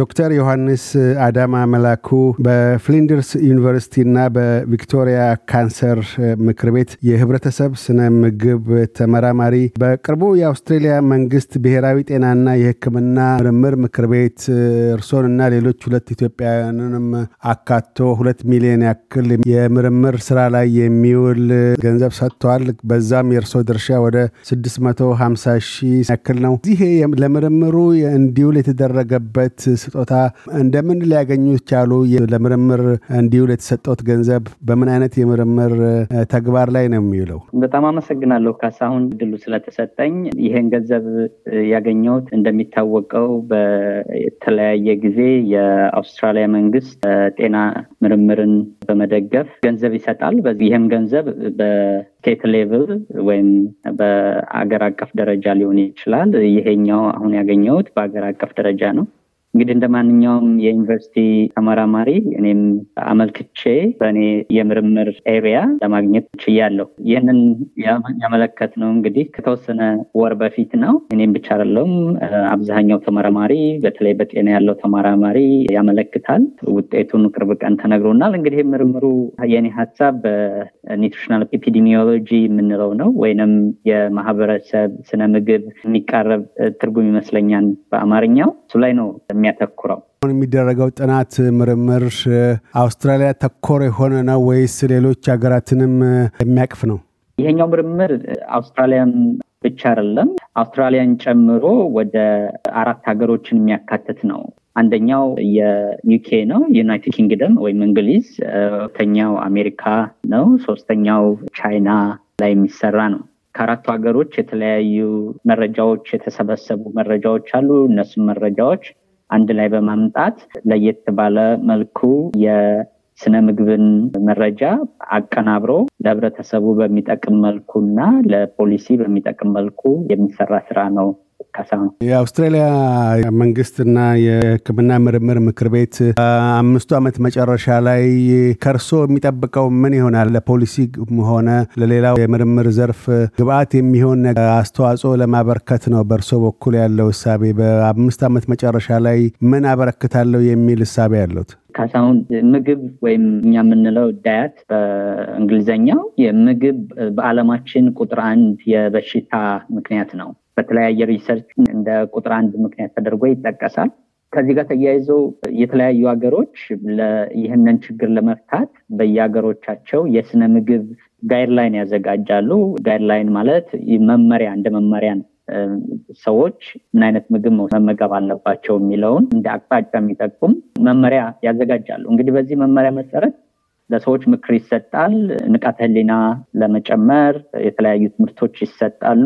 ዶክተር ዮሐንስ አዳማ መላኩ በፍሊንደርስ ዩኒቨርሲቲ እና በቪክቶሪያ ካንሰር ምክር ቤት የህብረተሰብ ስነ ምግብ ተመራማሪ፣ በቅርቡ የአውስትሬሊያ መንግስት ብሔራዊ ጤናና የህክምና ምርምር ምክር ቤት እርሶን እና ሌሎች ሁለት ኢትዮጵያውያንንም አካቶ ሁለት ሚሊዮን ያክል የምርምር ስራ ላይ የሚውል ገንዘብ ሰጥተዋል። በዛም የእርሶ ድርሻ ወደ 650 ሺህ ያክል ነው። ይህ ለምርምሩ እንዲውል የተደረገበት ስጦታ እንደምን ሊያገኙ ቻሉ? ለምርምር እንዲውል የተሰጠት ገንዘብ በምን አይነት የምርምር ተግባር ላይ ነው የሚውለው? በጣም አመሰግናለሁ ካሳሁን ድሉ ስለተሰጠኝ። ይህን ገንዘብ ያገኘሁት እንደሚታወቀው በተለያየ ጊዜ የአውስትራሊያ መንግስት ጤና ምርምርን በመደገፍ ገንዘብ ይሰጣል። ይህም ገንዘብ በስቴት ሌቭል ወይም በአገር አቀፍ ደረጃ ሊሆን ይችላል። ይሄኛው አሁን ያገኘሁት በአገር አቀፍ ደረጃ ነው። እንግዲህ እንደ ማንኛውም የዩኒቨርሲቲ ተመራማሪ እኔም አመልክቼ በእኔ የምርምር ኤሪያ ለማግኘት ችያለሁ። ይህንን ያመለከት ነው እንግዲህ ከተወሰነ ወር በፊት ነው። እኔም ብቻ አይደለሁም፣ አብዛኛው ተመራማሪ በተለይ በጤና ያለው ተመራማሪ ያመለክታል። ውጤቱን ቅርብ ቀን ተነግሮናል። እንግዲህ ምርምሩ የኔ ሀሳብ ኒትሪሽናል ኤፒዲሚዮሎጂ የምንለው ነው ወይንም የማህበረሰብ ስነ ምግብ የሚቃረብ ትርጉም ይመስለኛል በአማርኛው እሱ ላይ ነው የሚያተኩረው አሁን የሚደረገው ጥናት ምርምር አውስትራሊያ ተኮር የሆነ ነው ወይስ ሌሎች ሀገራትንም የሚያቅፍ ነው ይሄኛው ምርምር አውስትራሊያን ብቻ አይደለም አውስትራሊያን ጨምሮ ወደ አራት ሀገሮችን የሚያካትት ነው አንደኛው የዩኬ ነው ዩናይትድ ኪንግደም ወይም እንግሊዝ፣ ተኛው አሜሪካ ነው፣ ሶስተኛው ቻይና ላይ የሚሰራ ነው። ከአራቱ ሀገሮች የተለያዩ መረጃዎች የተሰበሰቡ መረጃዎች አሉ። እነሱም መረጃዎች አንድ ላይ በማምጣት ለየት ባለ መልኩ የስነ ምግብን መረጃ አቀናብሮ ለህብረተሰቡ በሚጠቅም መልኩ እና ለፖሊሲ በሚጠቅም መልኩ የሚሰራ ስራ ነው ነው። የአውስትራሊያ መንግስትና የሕክምና ምርምር ምክር ቤት አምስቱ ዓመት መጨረሻ ላይ ከእርሶ የሚጠብቀው ምን ይሆናል? ለፖሊሲ ሆነ ለሌላው የምርምር ዘርፍ ግብአት የሚሆን አስተዋጽኦ ለማበርከት ነው በእርሶ በኩል ያለው እሳቤ? በአምስት ዓመት መጨረሻ ላይ ምን አበረክታለሁ የሚል እሳቤ ያለሁት? ካሳሁን ምግብ ወይም እኛ የምንለው ዳያት በእንግሊዘኛው የምግብ በዓለማችን ቁጥር አንድ የበሽታ ምክንያት ነው። በተለያየ ሪሰርች እንደ ቁጥር አንድ ምክንያት ተደርጎ ይጠቀሳል። ከዚህ ጋር ተያይዞ የተለያዩ ሀገሮች ይህንን ችግር ለመፍታት በየሀገሮቻቸው የስነ ምግብ ጋይድላይን ያዘጋጃሉ። ጋይድላይን ማለት መመሪያ እንደ መመሪያ ሰዎች ምን አይነት ምግብ መመገብ አለባቸው የሚለውን እንደ አቅጣጫ የሚጠቁም መመሪያ ያዘጋጃሉ። እንግዲህ በዚህ መመሪያ መሰረት ለሰዎች ምክር ይሰጣል። ንቃተ ህሊና ለመጨመር የተለያዩ ትምህርቶች ይሰጣሉ።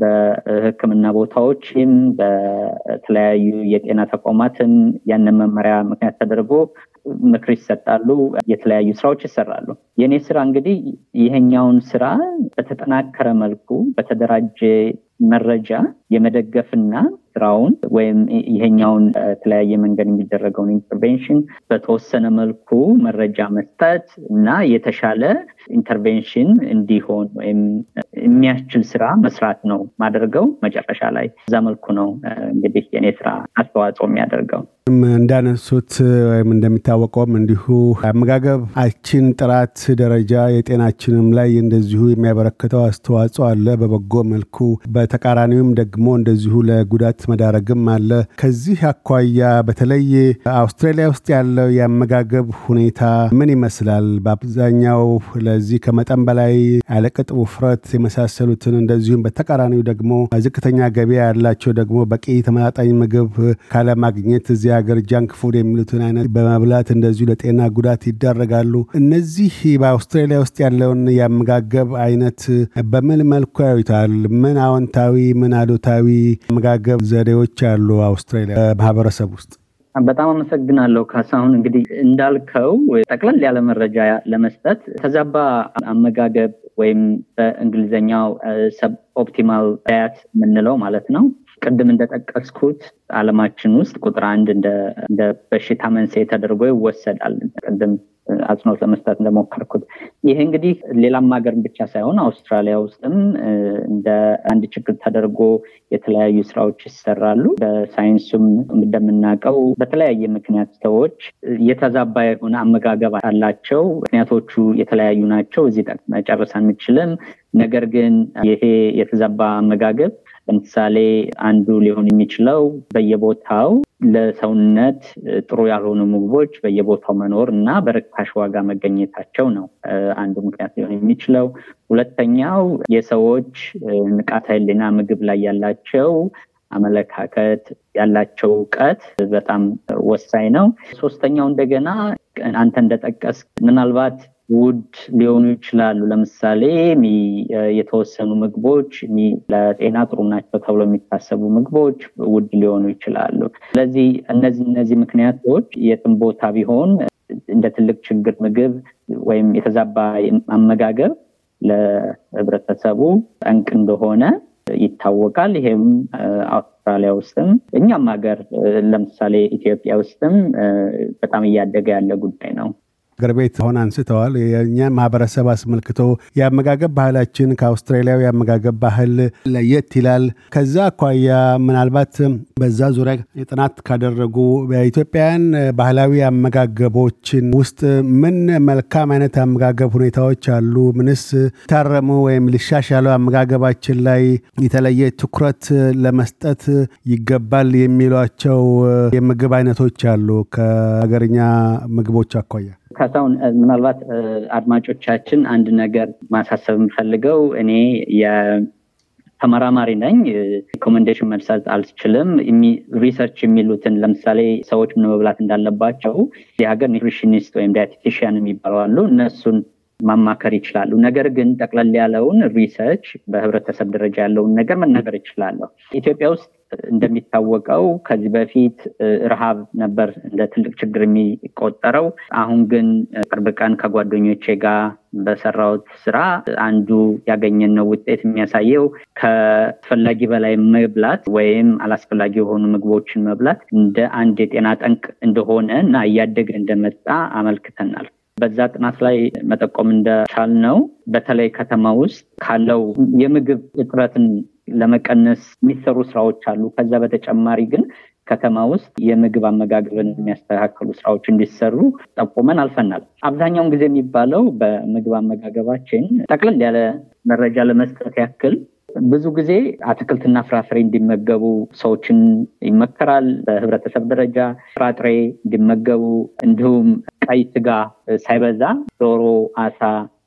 በህክምና ቦታዎችም በተለያዩ የጤና ተቋማትም ያንን መመሪያ ምክንያት ተደርጎ ምክር ይሰጣሉ፣ የተለያዩ ስራዎች ይሰራሉ። የእኔ ስራ እንግዲህ ይሄኛውን ስራ በተጠናከረ መልኩ በተደራጀ መረጃ የመደገፍና ስራውን ወይም ይሄኛውን የተለያየ መንገድ የሚደረገውን ኢንተርቬንሽን በተወሰነ መልኩ መረጃ መስጠት እና የተሻለ ኢንተርቬንሽን እንዲሆን ወይም የሚያስችል ስራ መስራት ነው ማደርገው። መጨረሻ ላይ እዛ መልኩ ነው እንግዲህ የኔ ስራ አስተዋጽኦ የሚያደርገው። እንዳነሱት ወይም እንደሚታወቀውም እንዲሁ አመጋገባችን ጥራት ደረጃ የጤናችንም ላይ እንደዚሁ የሚያበረክተው አስተዋጽኦ አለ በበጎ መልኩ። በተቃራኒውም ደግሞ እንደዚሁ ለጉዳት መዳረግም አለ። ከዚህ አኳያ በተለይ አውስትራሊያ ውስጥ ያለው የአመጋገብ ሁኔታ ምን ይመስላል? በአብዛኛው ለዚህ ከመጠን በላይ ያለቅጥ ውፍረት የመሳሰሉትን እንደዚሁም በተቃራኒው ደግሞ ዝቅተኛ ገቢያ ያላቸው ደግሞ በቂ ተመጣጣኝ ምግብ ካለማግኘት እዚያ ሀገር ጃንክ ፉድ የሚሉትን አይነት በመብላት እንደዚሁ ለጤና ጉዳት ይዳረጋሉ። እነዚህ በአውስትራሊያ ውስጥ ያለውን የአመጋገብ አይነት በምን መልኩ ያዩታል? ምን አዎንታዊ ምን አሉታዊ አመጋገብ ዘዴዎች አሉ አውስትራሊያ ማህበረሰብ ውስጥ? በጣም አመሰግናለሁ ካሳሁን። እንግዲህ እንዳልከው ጠቅለል ያለ መረጃ ለመስጠት ተዛባ አመጋገብ ወይም በእንግሊዝኛው ሰብ ኦፕቲማል ዳያት የምንለው ማለት ነው ቅድም እንደጠቀስኩት አለማችን ውስጥ ቁጥር አንድ እንደ በሽታ መንስኤ ተደርጎ ይወሰዳል። ቅድም አጽኖት ለመስጠት እንደሞከርኩት ይሄ እንግዲህ ሌላም ሀገር ብቻ ሳይሆን አውስትራሊያ ውስጥም እንደ አንድ ችግር ተደርጎ የተለያዩ ስራዎች ይሰራሉ። በሳይንሱም እንደምናውቀው በተለያየ ምክንያት ሰዎች የተዛባ የሆነ አመጋገብ አላቸው። ምክንያቶቹ የተለያዩ ናቸው። እዚህ መጨረስ አንችልም። ነገር ግን ይሄ የተዛባ አመጋገብ ለምሳሌ አንዱ ሊሆን የሚችለው በየቦታው ለሰውነት ጥሩ ያልሆኑ ምግቦች በየቦታው መኖር እና በርካሽ ዋጋ መገኘታቸው ነው አንዱ ምክንያት ሊሆን የሚችለው። ሁለተኛው የሰዎች ንቃተ ህሊና ምግብ ላይ ያላቸው አመለካከት ያላቸው እውቀት በጣም ወሳኝ ነው። ሶስተኛው እንደገና አንተ እንደጠቀስ ምናልባት ውድ ሊሆኑ ይችላሉ። ለምሳሌ የተወሰኑ ምግቦች ለጤና ጥሩ ናቸው ተብሎ የሚታሰቡ ምግቦች ውድ ሊሆኑ ይችላሉ። ስለዚህ እነዚህ እነዚህ ምክንያቶች የትም ቦታ ቢሆን እንደ ትልቅ ችግር ምግብ ወይም የተዛባ አመጋገብ ለህብረተሰቡ ጠንቅ እንደሆነ ይታወቃል። ይሄም አውስትራሊያ ውስጥም እኛም ሀገር ለምሳሌ ኢትዮጵያ ውስጥም በጣም እያደገ ያለ ጉዳይ ነው። ምክር ቤት ሆን አንስተዋል። የእኛ ማህበረሰብ አስመልክቶ የአመጋገብ ባህላችን ከአውስትራሊያዊ የአመጋገብ ባህል ለየት ይላል። ከዛ አኳያ ምናልባት በዛ ዙሪያ ጥናት ካደረጉ በኢትዮጵያውያን ባህላዊ አመጋገቦችን ውስጥ ምን መልካም አይነት አመጋገብ ሁኔታዎች አሉ? ምንስ ታረሙ ወይም ሊሻሻሉ አመጋገባችን ላይ የተለየ ትኩረት ለመስጠት ይገባል የሚሏቸው የምግብ አይነቶች አሉ ከሀገርኛ ምግቦች አኳያ ካሳሁን፣ ምናልባት አድማጮቻችን አንድ ነገር ማሳሰብ የምፈልገው እኔ ተመራማሪ ነኝ። ሪኮሜንዴሽን መርሳት አልችልም። ሪሰርች የሚሉትን ለምሳሌ ሰዎች ምን መብላት እንዳለባቸው የሀገር ኒትሪሽኒስት ወይም ዳየቴቲሽያን የሚባሉ አሉ። እነሱን ማማከር ይችላሉ። ነገር ግን ጠቅለል ያለውን ሪሰርች በህብረተሰብ ደረጃ ያለውን ነገር መናገር ይችላለሁ። ኢትዮጵያ ውስጥ እንደሚታወቀው ከዚህ በፊት ረሃብ ነበር እንደ ትልቅ ችግር የሚቆጠረው። አሁን ግን ቅርብ ቀን ከጓደኞቼ ጋር በሰራውት ስራ አንዱ ያገኘነው ውጤት የሚያሳየው ከአስፈላጊ በላይ መብላት ወይም አላስፈላጊ የሆኑ ምግቦችን መብላት እንደ አንድ የጤና ጠንቅ እንደሆነ እና እያደገ እንደመጣ አመልክተናል። በዛ ጥናት ላይ መጠቆም እንደቻል ነው በተለይ ከተማ ውስጥ ካለው የምግብ እጥረትን ለመቀነስ የሚሰሩ ስራዎች አሉ። ከዛ በተጨማሪ ግን ከተማ ውስጥ የምግብ አመጋገብን የሚያስተካከሉ ስራዎች እንዲሰሩ ጠቁመን አልፈናል። አብዛኛውን ጊዜ የሚባለው በምግብ አመጋገባችን ጠቅለል ያለ መረጃ ለመስጠት ያክል ብዙ ጊዜ አትክልትና ፍራፍሬ እንዲመገቡ ሰዎችን ይመከራል። በህብረተሰብ ደረጃ ፍራጥሬ እንዲመገቡ እንዲሁም ቀይ ስጋ ሳይበዛ ዶሮ፣ አሳ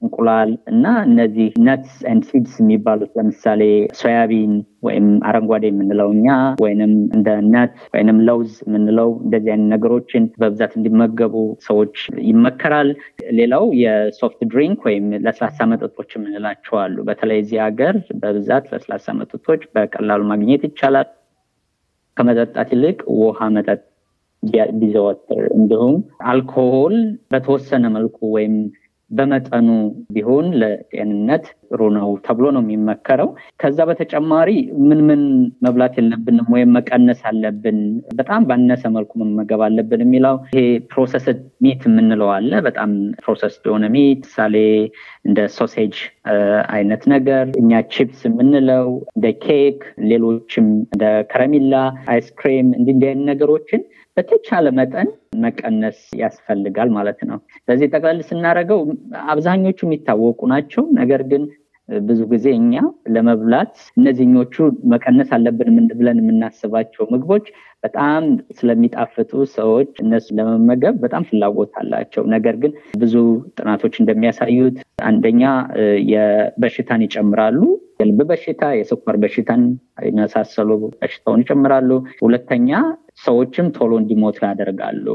እንቁላል እና እነዚህ ነትስ ኤንድ ሲድስ የሚባሉት ለምሳሌ ሶያቢን ወይም አረንጓዴ የምንለው እኛ ወይንም እንደ ነት ወይንም ለውዝ የምንለው እንደዚህ አይነት ነገሮችን በብዛት እንዲመገቡ ሰዎች ይመከራል። ሌላው የሶፍት ድሪንክ ወይም ለስላሳ መጠጦች የምንላቸው አሉ። በተለይ እዚህ ሀገር በብዛት ለስላሳ መጠጦች በቀላሉ ማግኘት ይቻላል። ከመጠጣት ይልቅ ውሃ መጠጥ ቢዘወትር፣ እንዲሁም አልኮሆል በተወሰነ መልኩ ወይም በመጠኑ ቢሆን ለጤንነት ጥሩ ነው ተብሎ ነው የሚመከረው። ከዛ በተጨማሪ ምን ምን መብላት የለብንም ወይም መቀነስ አለብን፣ በጣም ባነሰ መልኩ መመገብ አለብን የሚለው ይሄ ፕሮሰስ ሚት የምንለው አለ። በጣም ፕሮሰስ የሆነ ሚት ምሳሌ እንደ ሶሴጅ አይነት ነገር እኛ ቺፕስ የምንለው እንደ ኬክ፣ ሌሎችም እንደ ከረሚላ፣ አይስክሬም እንዲህ ነገሮችን በተቻለ መጠን መቀነስ ያስፈልጋል ማለት ነው። ስለዚህ ጠቅላል ስናደርገው አብዛኞቹ የሚታወቁ ናቸው። ነገር ግን ብዙ ጊዜ እኛ ለመብላት እነዚህኞቹ መቀነስ አለብን ብለን የምናስባቸው ምግቦች በጣም ስለሚጣፍጡ ሰዎች እነሱ ለመመገብ በጣም ፍላጎት አላቸው። ነገር ግን ብዙ ጥናቶች እንደሚያሳዩት አንደኛ የበሽታን ይጨምራሉ። የልብ በሽታ፣ የስኳር በሽታን የመሳሰሉ በሽታውን ይጨምራሉ። ሁለተኛ ሰዎችም ቶሎ እንዲሞቱ ያደርጋሉ።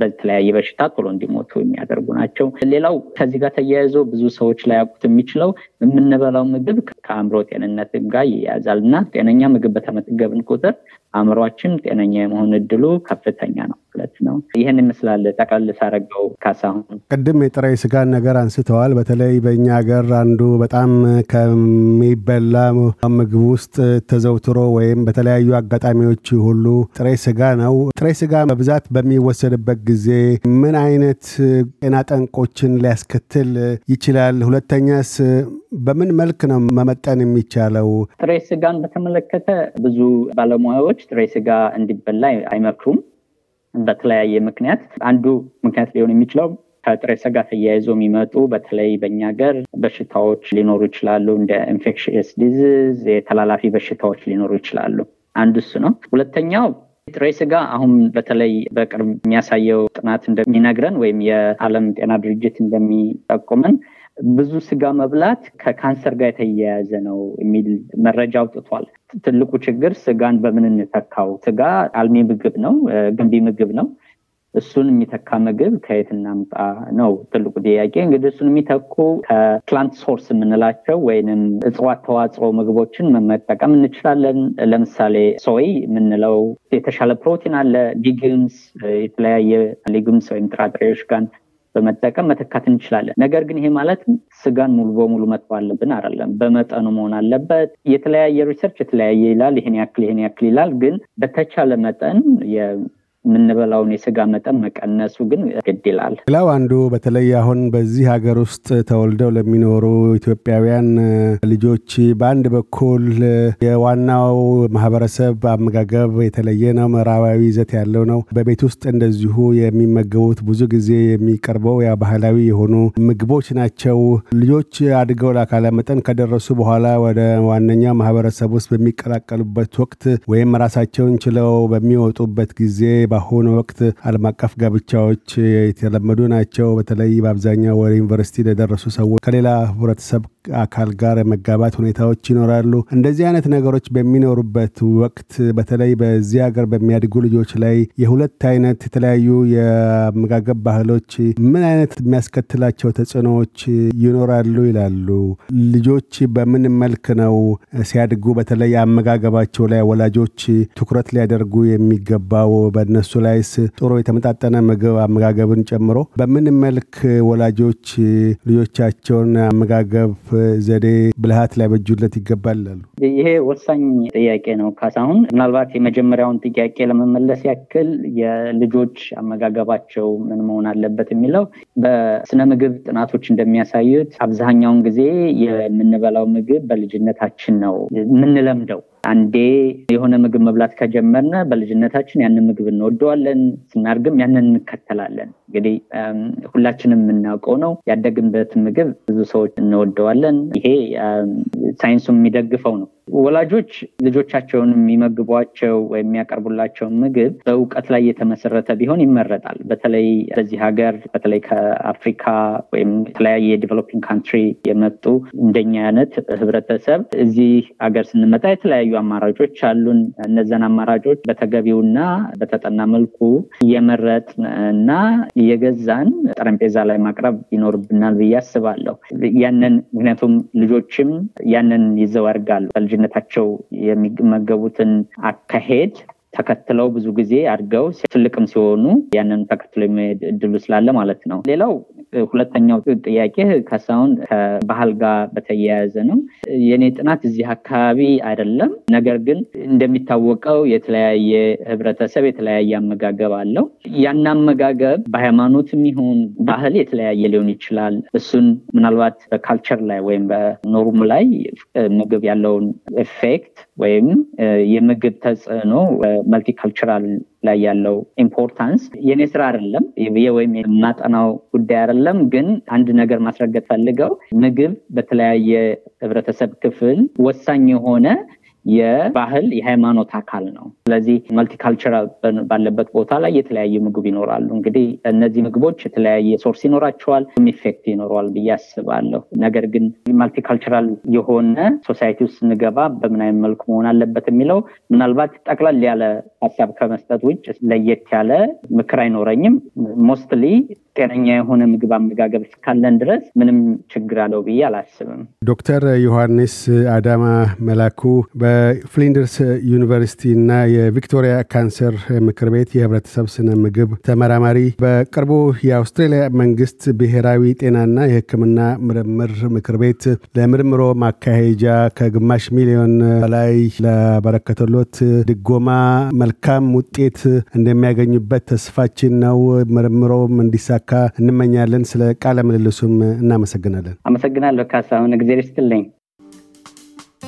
በተለያየ በሽታ ቶሎ እንዲሞቱ የሚያደርጉ ናቸው። ሌላው ከዚህ ጋር ተያይዞ ብዙ ሰዎች ላያውቁት የሚችለው የምንበላው ምግብ ከአእምሮ ጤንነት ጋር ይያዛል እና ጤነኛ ምግብ በተመጥገብን ቁጥር አእምሯችን ጤነኛ የመሆን እድሉ ከፍተኛ ነው ማለት ነው። ይህን ይመስላል ጠቅለል ሳረገው። ካሳሁን ቅድም የጥሬ ስጋን ነገር አንስተዋል። በተለይ በእኛ ሀገር አንዱ በጣም ከሚበላ ምግብ ውስጥ ተዘውትሮ ወይም በተለያዩ አጋጣሚዎች ሁሉ ጥሬ ስጋ ነው። ጥሬ ስጋ በብዛት በሚወሰድበት ጊዜ ምን አይነት ጤና ጠንቆችን ሊያስከትል ይችላል? ሁለተኛስ በምን መልክ ነው መመጠን የሚቻለው? ጥሬ ስጋን በተመለከተ ብዙ ባለሙያዎች ጥሬ ስጋ እንዲበላ አይመክሩም በተለያየ ምክንያት። አንዱ ምክንያት ሊሆን የሚችለው ከጥሬ ስጋ ተያይዞ የሚመጡ በተለይ በእኛ ሀገር በሽታዎች ሊኖሩ ይችላሉ። እንደ ኢንፌክሽስ ዲዚዝ የተላላፊ በሽታዎች ሊኖሩ ይችላሉ። አንዱ እሱ ነው። ሁለተኛው ጥሬ ስጋ አሁን በተለይ በቅርብ የሚያሳየው ጥናት እንደሚነግረን ወይም የዓለም ጤና ድርጅት እንደሚጠቁመን ብዙ ስጋ መብላት ከካንሰር ጋር የተያያዘ ነው የሚል መረጃ አውጥቷል። ትልቁ ችግር ስጋን በምን እንተካው? ስጋ አልሚ ምግብ ነው፣ ገንቢ ምግብ ነው። እሱን የሚተካ ምግብ ከየት እናምጣ ነው ትልቁ ጥያቄ። እንግዲህ እሱን የሚተኩ ከፕላንት ሶርስ የምንላቸው ወይንም እጽዋት ተዋጽኦ ምግቦችን መጠቀም እንችላለን። ለምሳሌ ሶይ የምንለው የተሻለ ፕሮቲን አለ። ሊግምስ፣ የተለያየ ሊግምስ ወይም ጥራጥሬዎች ጋር በመጠቀም መተካት እንችላለን። ነገር ግን ይሄ ማለት ስጋን ሙሉ በሙሉ መጥፎ አለብን አይደለም። በመጠኑ መሆን አለበት። የተለያየ ሪሰርች የተለያየ ይላል፣ ይሄን ያክል ይሄን ያክል ይላል። ግን በተቻለ መጠን የምንበላውን የስጋ መጠን መቀነሱ ግን ግድ ይላል። ሌላው አንዱ በተለይ አሁን በዚህ ሀገር ውስጥ ተወልደው ለሚኖሩ ኢትዮጵያውያን ልጆች በአንድ በኩል የዋናው ማህበረሰብ አመጋገብ የተለየ ነው፣ ምዕራባዊ ይዘት ያለው ነው። በቤት ውስጥ እንደዚሁ የሚመገቡት ብዙ ጊዜ የሚቀርበው ያ ባህላዊ የሆኑ ምግቦች ናቸው። ልጆች አድገው ለአካለ መጠን ከደረሱ በኋላ ወደ ዋነኛው ማህበረሰብ ውስጥ በሚቀላቀሉበት ወቅት ወይም ራሳቸውን ችለው በሚወጡበት ጊዜ በአሁኑ ወቅት ዓለም አቀፍ ጋብቻዎች የተለመዱ ናቸው። በተለይ በአብዛኛው ወደ ዩኒቨርሲቲ ለደረሱ ሰዎች ከሌላ ህብረተሰብ አካል ጋር የመጋባት ሁኔታዎች ይኖራሉ። እንደዚህ አይነት ነገሮች በሚኖሩበት ወቅት በተለይ በዚህ ሀገር በሚያድጉ ልጆች ላይ የሁለት አይነት የተለያዩ የአመጋገብ ባህሎች ምን አይነት የሚያስከትላቸው ተጽዕኖዎች ይኖራሉ ይላሉ። ልጆች በምን መልክ ነው ሲያድጉ በተለይ አመጋገባቸው ላይ ወላጆች ትኩረት ሊያደርጉ የሚገባው በነ በእነሱ ላይስ ጥሩ የተመጣጠነ ምግብ አመጋገብን ጨምሮ በምን መልክ ወላጆች ልጆቻቸውን አመጋገብ ዘዴ ብልሃት ላይ በጁለት ይላሉ? ይሄ ወሳኝ ጥያቄ ነው ካሳሁን። ምናልባት የመጀመሪያውን ጥያቄ ለመመለስ ያክል የልጆች አመጋገባቸው ምን መሆን አለበት የሚለው በስነ ምግብ ጥናቶች እንደሚያሳዩት አብዛኛውን ጊዜ የምንበላው ምግብ በልጅነታችን ነው የምንለምደው አንዴ የሆነ ምግብ መብላት ከጀመርነ በልጅነታችን ያንን ምግብ እንወደዋለን፣ ስናርግም ያንን እንከተላለን። እንግዲህ ሁላችንም የምናውቀው ነው። ያደግንበት ምግብ ብዙ ሰዎች እንወደዋለን። ይሄ ሳይንሱ የሚደግፈው ነው። ወላጆች ልጆቻቸውን የሚመግቧቸው ወይም የሚያቀርቡላቸውን ምግብ በእውቀት ላይ የተመሰረተ ቢሆን ይመረጣል። በተለይ በዚህ ሀገር በተለይ ከአፍሪካ ወይም የተለያየ ዲቨሎፒንግ ካንትሪ የመጡ እንደኛ አይነት ህብረተሰብ እዚህ ሀገር ስንመጣ የተለያዩ የተለያዩ አማራጮች አሉን። እነዚያን አማራጮች በተገቢውና በተጠና መልኩ እየመረጥ እና እየገዛን ጠረጴዛ ላይ ማቅረብ ይኖርብናል ብዬ አስባለሁ። ያንን ምክንያቱም ልጆችም ያንን ይዘው በልጅነታቸው የሚመገቡትን አካሄድ ተከትለው ብዙ ጊዜ አድገው ትልቅም ሲሆኑ ያንን ተከትለው የሚሄድ እድሉ ስላለ ማለት ነው። ሌላው ሁለተኛው ጥያቄ ከሳውን ከባህል ጋር በተያያዘ ነው። የኔ ጥናት እዚህ አካባቢ አይደለም። ነገር ግን እንደሚታወቀው የተለያየ ህብረተሰብ የተለያየ አመጋገብ አለው። ያን አመጋገብ በሃይማኖትም የሚሆን ባህል የተለያየ ሊሆን ይችላል። እሱን ምናልባት በካልቸር ላይ ወይም በኖርም ላይ ምግብ ያለውን ኤፌክት ወይም የምግብ ተጽዕኖ መልቲካልቸራል ላይ ያለው ኢምፖርታንስ የኔ ስራ አይደለም ወይም የማጠናው ጉዳይ አይደለም። ግን አንድ ነገር ማስረገጥ ፈልገው ምግብ በተለያየ ህብረተሰብ ክፍል ወሳኝ የሆነ የባህል የሃይማኖት አካል ነው። ስለዚህ መልቲካልቸራል ባለበት ቦታ ላይ የተለያየ ምግብ ይኖራሉ። እንግዲህ እነዚህ ምግቦች የተለያየ ሶርስ ይኖራቸዋል፣ ኢፌክት ይኖረዋል ብዬ አስባለሁ። ነገር ግን መልቲካልቸራል የሆነ ሶሳይቲ ውስጥ ስንገባ በምን አይነት መልኩ መሆን አለበት የሚለው ምናልባት ጠቅላል ያለ ሀሳብ ከመስጠት ውጭ ለየት ያለ ምክር አይኖረኝም። ሞስትሊ ጤነኛ የሆነ ምግብ አመጋገብ እስካለን ድረስ ምንም ችግር አለው ብዬ አላስብም። ዶክተር ዮሐንስ አዳማ መላኩ በፍሊንደርስ ዩኒቨርሲቲ እና የቪክቶሪያ ካንሰር ምክር ቤት የህብረተሰብ ስነ ምግብ ተመራማሪ፣ በቅርቡ የአውስትሬሊያ መንግስት ብሔራዊ ጤናና የህክምና ምርምር ምክር ቤት ለምርምሮ ማካሄጃ ከግማሽ ሚሊዮን በላይ ለበረከተሎት ድጎማ መልካም ውጤት እንደሚያገኙበት ተስፋችን ነው። ምርምሮም እንዲሳ እንዲሳካ እንመኛለን። ስለ ቃለ ምልልሱም እናመሰግናለን። አመሰግናለሁ ካሳሁን፣ እግዜር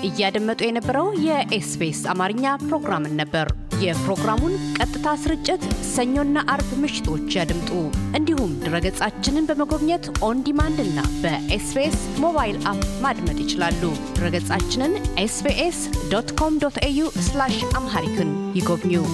እያደመጡ የነበረው የኤስቢኤስ አማርኛ ፕሮግራምን ነበር። የፕሮግራሙን ቀጥታ ስርጭት ሰኞና አርብ ምሽቶች ያድምጡ። እንዲሁም ድረገጻችንን በመጎብኘት ኦንዲማንድ እና በኤስቢኤስ ሞባይል አፕ ማድመጥ ይችላሉ። ድረገጻችንን ኤስቢኤስ ዶት ኮም ዶት ኤዩ አምሃሪክን ይጎብኙ።